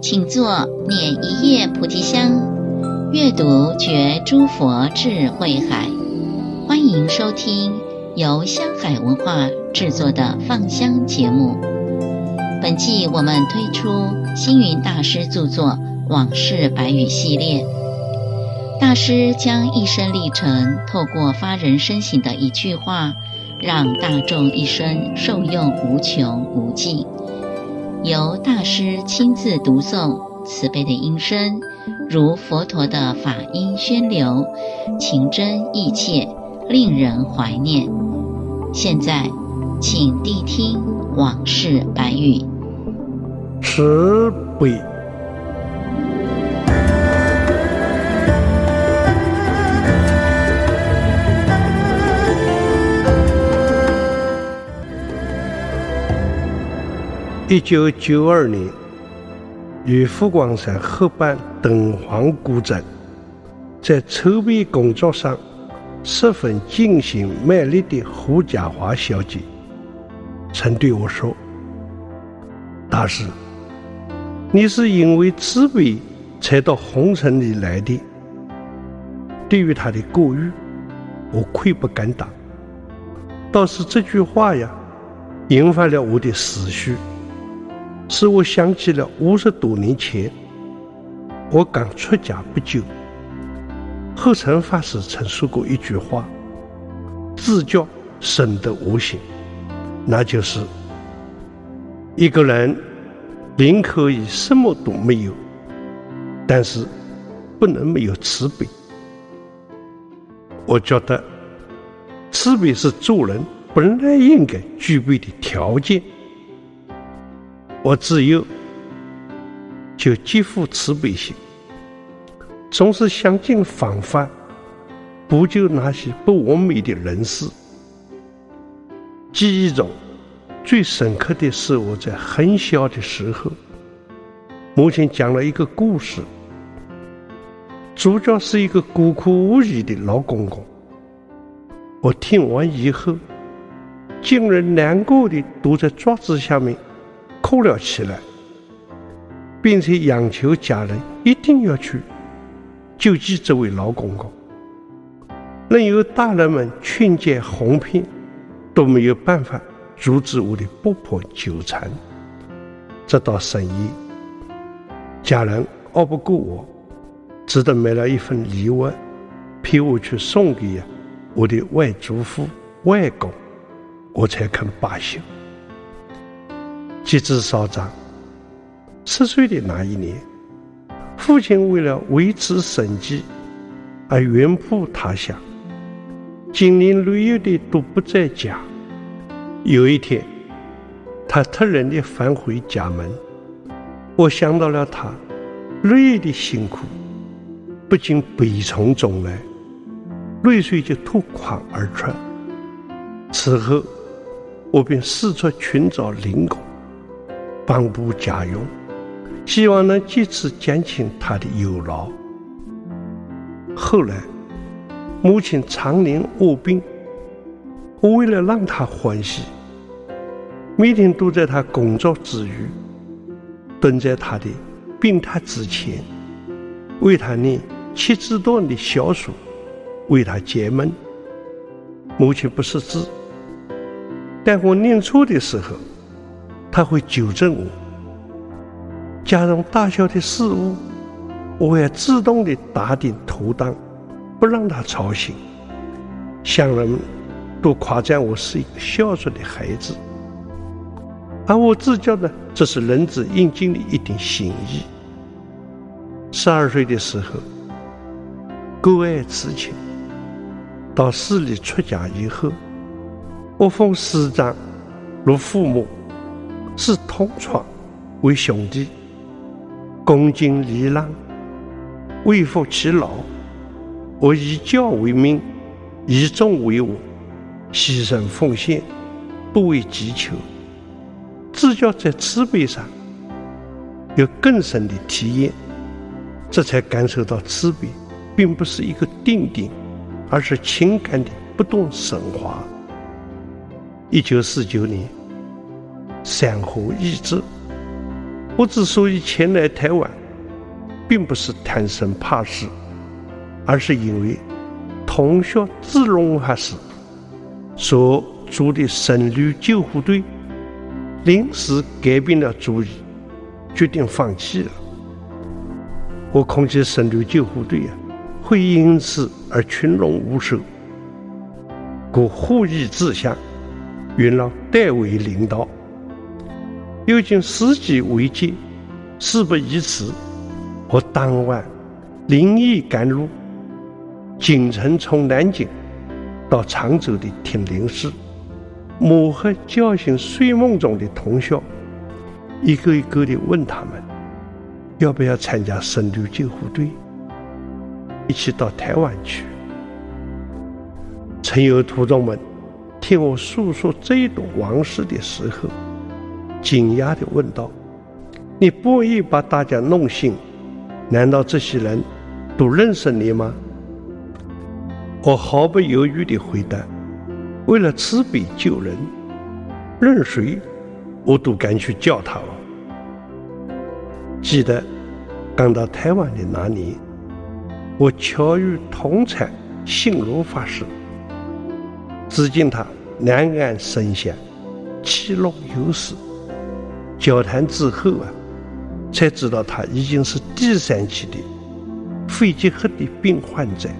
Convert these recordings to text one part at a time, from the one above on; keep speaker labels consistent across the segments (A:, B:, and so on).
A: 請坐，捻一葉菩提香，閱讀覺諸佛智慧海。歡迎收聽由香海文化製作的 Fun 香節目。本季我們推出星雲大師著作《往事百語》系列，大師將一生歷程透過發人深省的一句話，讓大眾一生受用無窮無盡。由大師親自讀誦，慈悲的音聲如佛陀的法音宣流，情真意切，令人懷念。現在，請諦聽。往事百語，慈悲。一九九二年，與佛光山合辦敦煌古鎮，在籌備工作上，十分盡心賣力的胡家華小姐，曾對我說：“大師，你是因為慈悲才到紅塵裡來的。對於他的過譽，我愧不敢當。倒是這句話呀，引發了我的思緒，使我想起了五十多年前，我剛出家不久，後塵法師曾說過一句話：‘自教深得我心。’”那就是一個人寧可可以什麼都沒有，但是不能沒有慈悲。我覺得慈悲是做人本來應該具備的條件。我自幼就極富慈悲心，總是想盡方法補救那些不完美的人事。記憶中，最深刻的是我在很小的時候，母親講了一個故事，主角是一個孤苦無依的老公公。我聽完以後，竟然難過的躲在桌子下面，哭了起來，並且央求家人一定要去救濟這位老公公。任由大人們勸解哄騙。都沒有辦法阻止我的婆婆糾纏，直到深夜，家人拗不過我，只得買了一份禮物，陪我去送給我的外祖父、外公，我才肯罷休。及至稍長，十歲的那一年，父親為了維持生計而遠赴他鄉，經年累月的都不在家。有一天，他突然的返回家門，我想到了他累的辛苦，不禁悲從中來，淚水就奪眶而出。此後，我便四處尋找零工，幫補家用，希望能借此減輕他的憂勞。後來，母親常年臥病，我為了讓她歡喜。每天都在他工作之餘，蹲在他的病榻之前，為他念七字段的小書，為他解悶。母親不識字，但我念錯的時候，他會糾正我。家中大小的事務，我也自動地打點妥當，不讓他操心。鄉人們都誇讚我是一個孝順的孩子。而我自教呢，這是人子應盡的一點心意。十二歲的時候，割愛辭親；到寺裡出家以後，我奉師長如父母，視同窗為兄弟，恭敬禮讓，未服其勞。我以教為命，以眾為我，犧牲奉獻，不為己求。自覺在慈悲上有更深的體驗，這才感受到慈悲，並不是一個定點，而是情感的不斷升華。一九四九年，山河易幟，我之所以前來台灣，並不是貪生怕死，而是因為同學智勇法師所組的僧侶救護隊。臨時改變了主意，決定放棄了。我恐其僧侶救護隊啊，會因此而群龍無首，故護議之下，由我代為領導。又見時局危急，事不宜遲，我當晚連夜趕路，僅乘，從南京到常州的天寧寺。摸黑叫醒睡夢中的同學，一個一個的問他們要不要參加僧侶救護隊，一起到台灣去。曾有徒眾們聽我訴說這一段往事的時候，驚訝地問道：“你故意把大家弄醒？難道這些人都認識你嗎？”我毫不猶豫地回答。為了慈悲救人，任誰，我都敢去叫他。記得剛到台灣的那年，我巧遇同參心如法師，只見他兩眼深陷，氣若游絲。交談之後啊，才知道他已經是第三期的肺結核的病患者。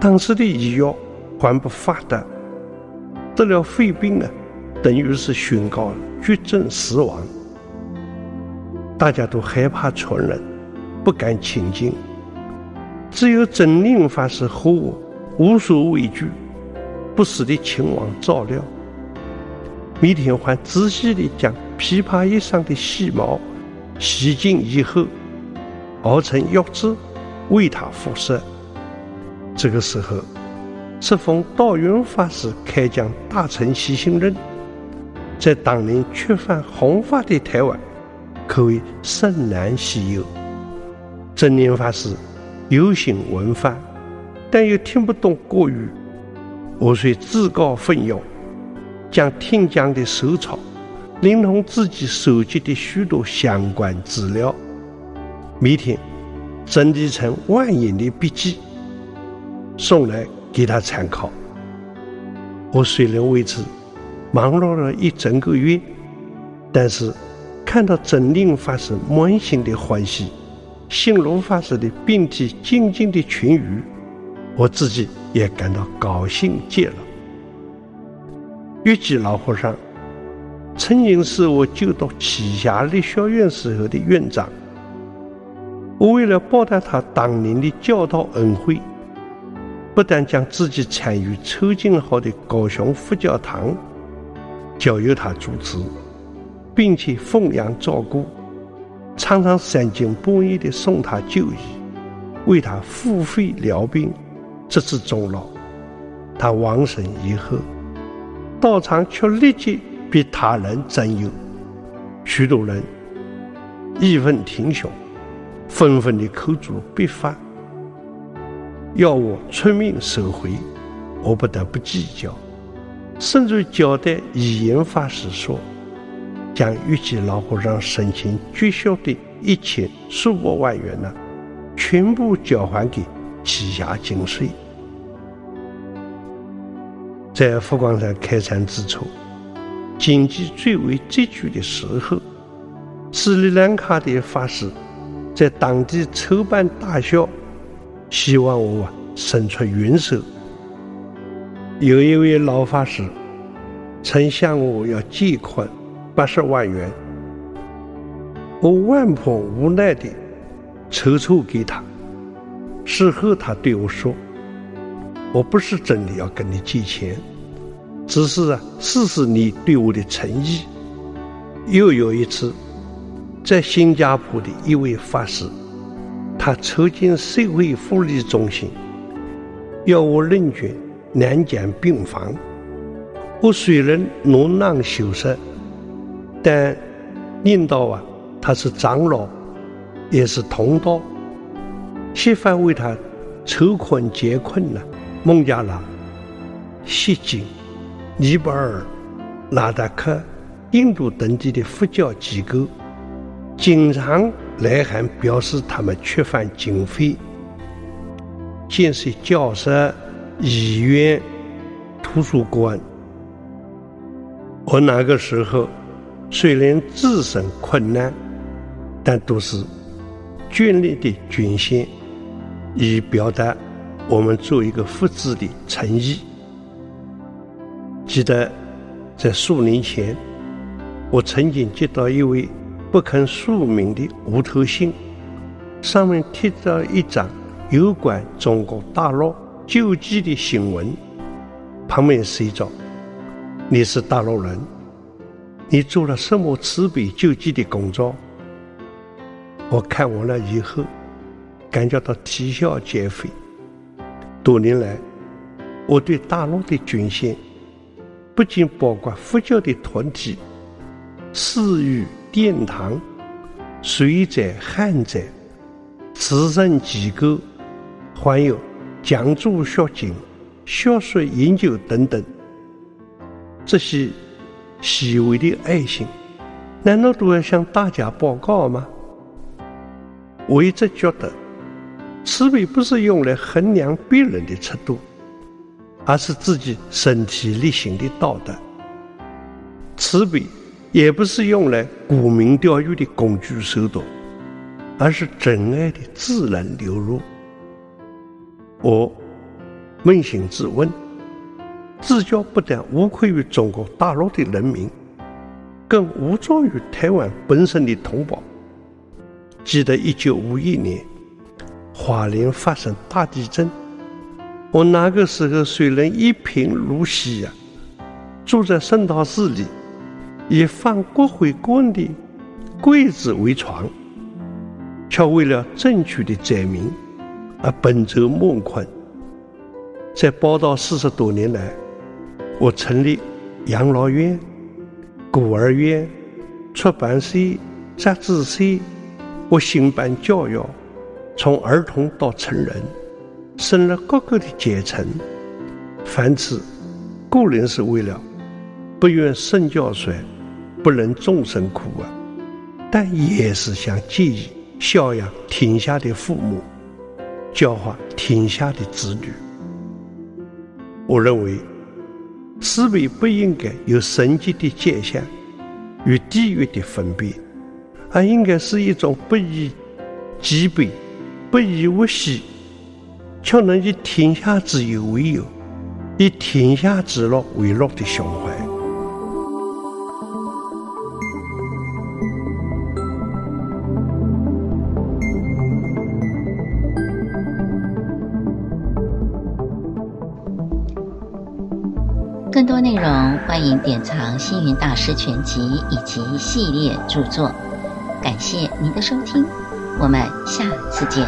A: 當時的醫藥。還不發達，得了肺病呢、啊，等於是宣告絕症死亡。大家都害怕傳染，不敢親近。只有真令法師和我無所畏懼，不時地前往照料。每天還仔細地將枇杷葉上的細毛洗淨以後，熬成藥汁，為他服食。這個時候。適逢道雲法師開講《大乘起信論》，在當年缺乏弘法的台灣，可謂甚難稀有。真言法師有心聞法，但又聽不懂國語，我雖自告奮勇，將聽講的手抄，連同自己收集的許多相關資料，每天整理成萬言的筆記，送來給他參考，我雖然為此忙碌了一整個月，但是看到真令法師滿心的歡喜，心如法師的病體漸漸的痊癒，我自己也感到高興極了。月基老和尚曾經是我就讀棲霞律學院時候的院長，我為了報答他當年的教導恩惠，不但將自己參與籌建好的高雄佛教堂交由他主持，並且奉養照顧，常常三更半夜的送他就醫，為他付費療病，直至終老。他往生以後，道場卻立即被他人佔有，許多人義憤填膺，紛紛的口誅筆伐。要我出面收回，我不得不計較，甚至交代依嚴法師說，將預計老和尚生前捐修的一千數百萬元呢、啊，全部交還給棲霞金穗。在佛光山開山之初，經濟最為拮據的時候，斯里蘭卡的法師，在當地籌辦大學。希望我伸出援手。有一位老法師曾向我要借款八十萬元，我萬般無奈地籌措給他。事後他對我說：“我不是真的要跟你借錢，只是啊，試試你對我的誠意。”又有一次，在新加坡的一位法師。他籌建社會福利中心，要我認捐兩間病房。我雖然農浪羞澀，但念到啊，他是長老，也是同道，西方為他籌款解困呢。孟加拉、錫金、尼泊爾、拉達克、印度等地的佛教機構，經常。來函表示他們缺乏經費，建設教室、醫院、圖書館。我那個時候雖然自身困難，但都是眷戀的捐獻，以表達我們做一個佛子的誠意。記得在數年前，我曾經接到一位。不肯署名的無頭信，上面貼着一張有關中國大陸救濟的新聞，旁邊寫着：“你是大陸人，你做了什麼慈悲救濟的工作？”我看完了以後，感覺到啼笑皆非。多年來，我對大陸的捐獻，不僅包括佛教的團體、寺院。殿堂、水災、旱災、慈善機構，還有講座、獎學金、學術研究等等，這些細微的愛心，難道都要向大家報告嗎？我一直覺得，慈悲不是用來衡量別人的尺度，而是自己身體力行的道德。慈悲。也不是用來沽名釣譽的工具手段，而是真愛的自然流露。我捫心自問，自覺不但無愧於中國大陸的人民，更無助於臺灣本身的同胞。記得一九五一年，花蓮發生大地震，我那個時候雖然一貧如洗呀、啊，住在聖堂寺裡。以放國徽光的櫃子為床，卻為了正確的載明而奔走夢困。在報道四十多年來，我成立養老院、孤兒院、出版社、雜誌社，我興辦教育，從兒童到成人，生了各個的階層。凡此，固然是為了不願聖教衰，不能眾生苦啊，但也是想借以孝養天下的父母，教化天下的子女。我認為，慈悲不應該有省籍的界線與地域的分別，而應該是一種不以己悲、不以物喜，卻能以天下之憂為憂，以天下之樂為樂的胸懷。更多內容，歡迎典藏星雲大師全集以及系列著作。感謝您的收聽，我們下次見。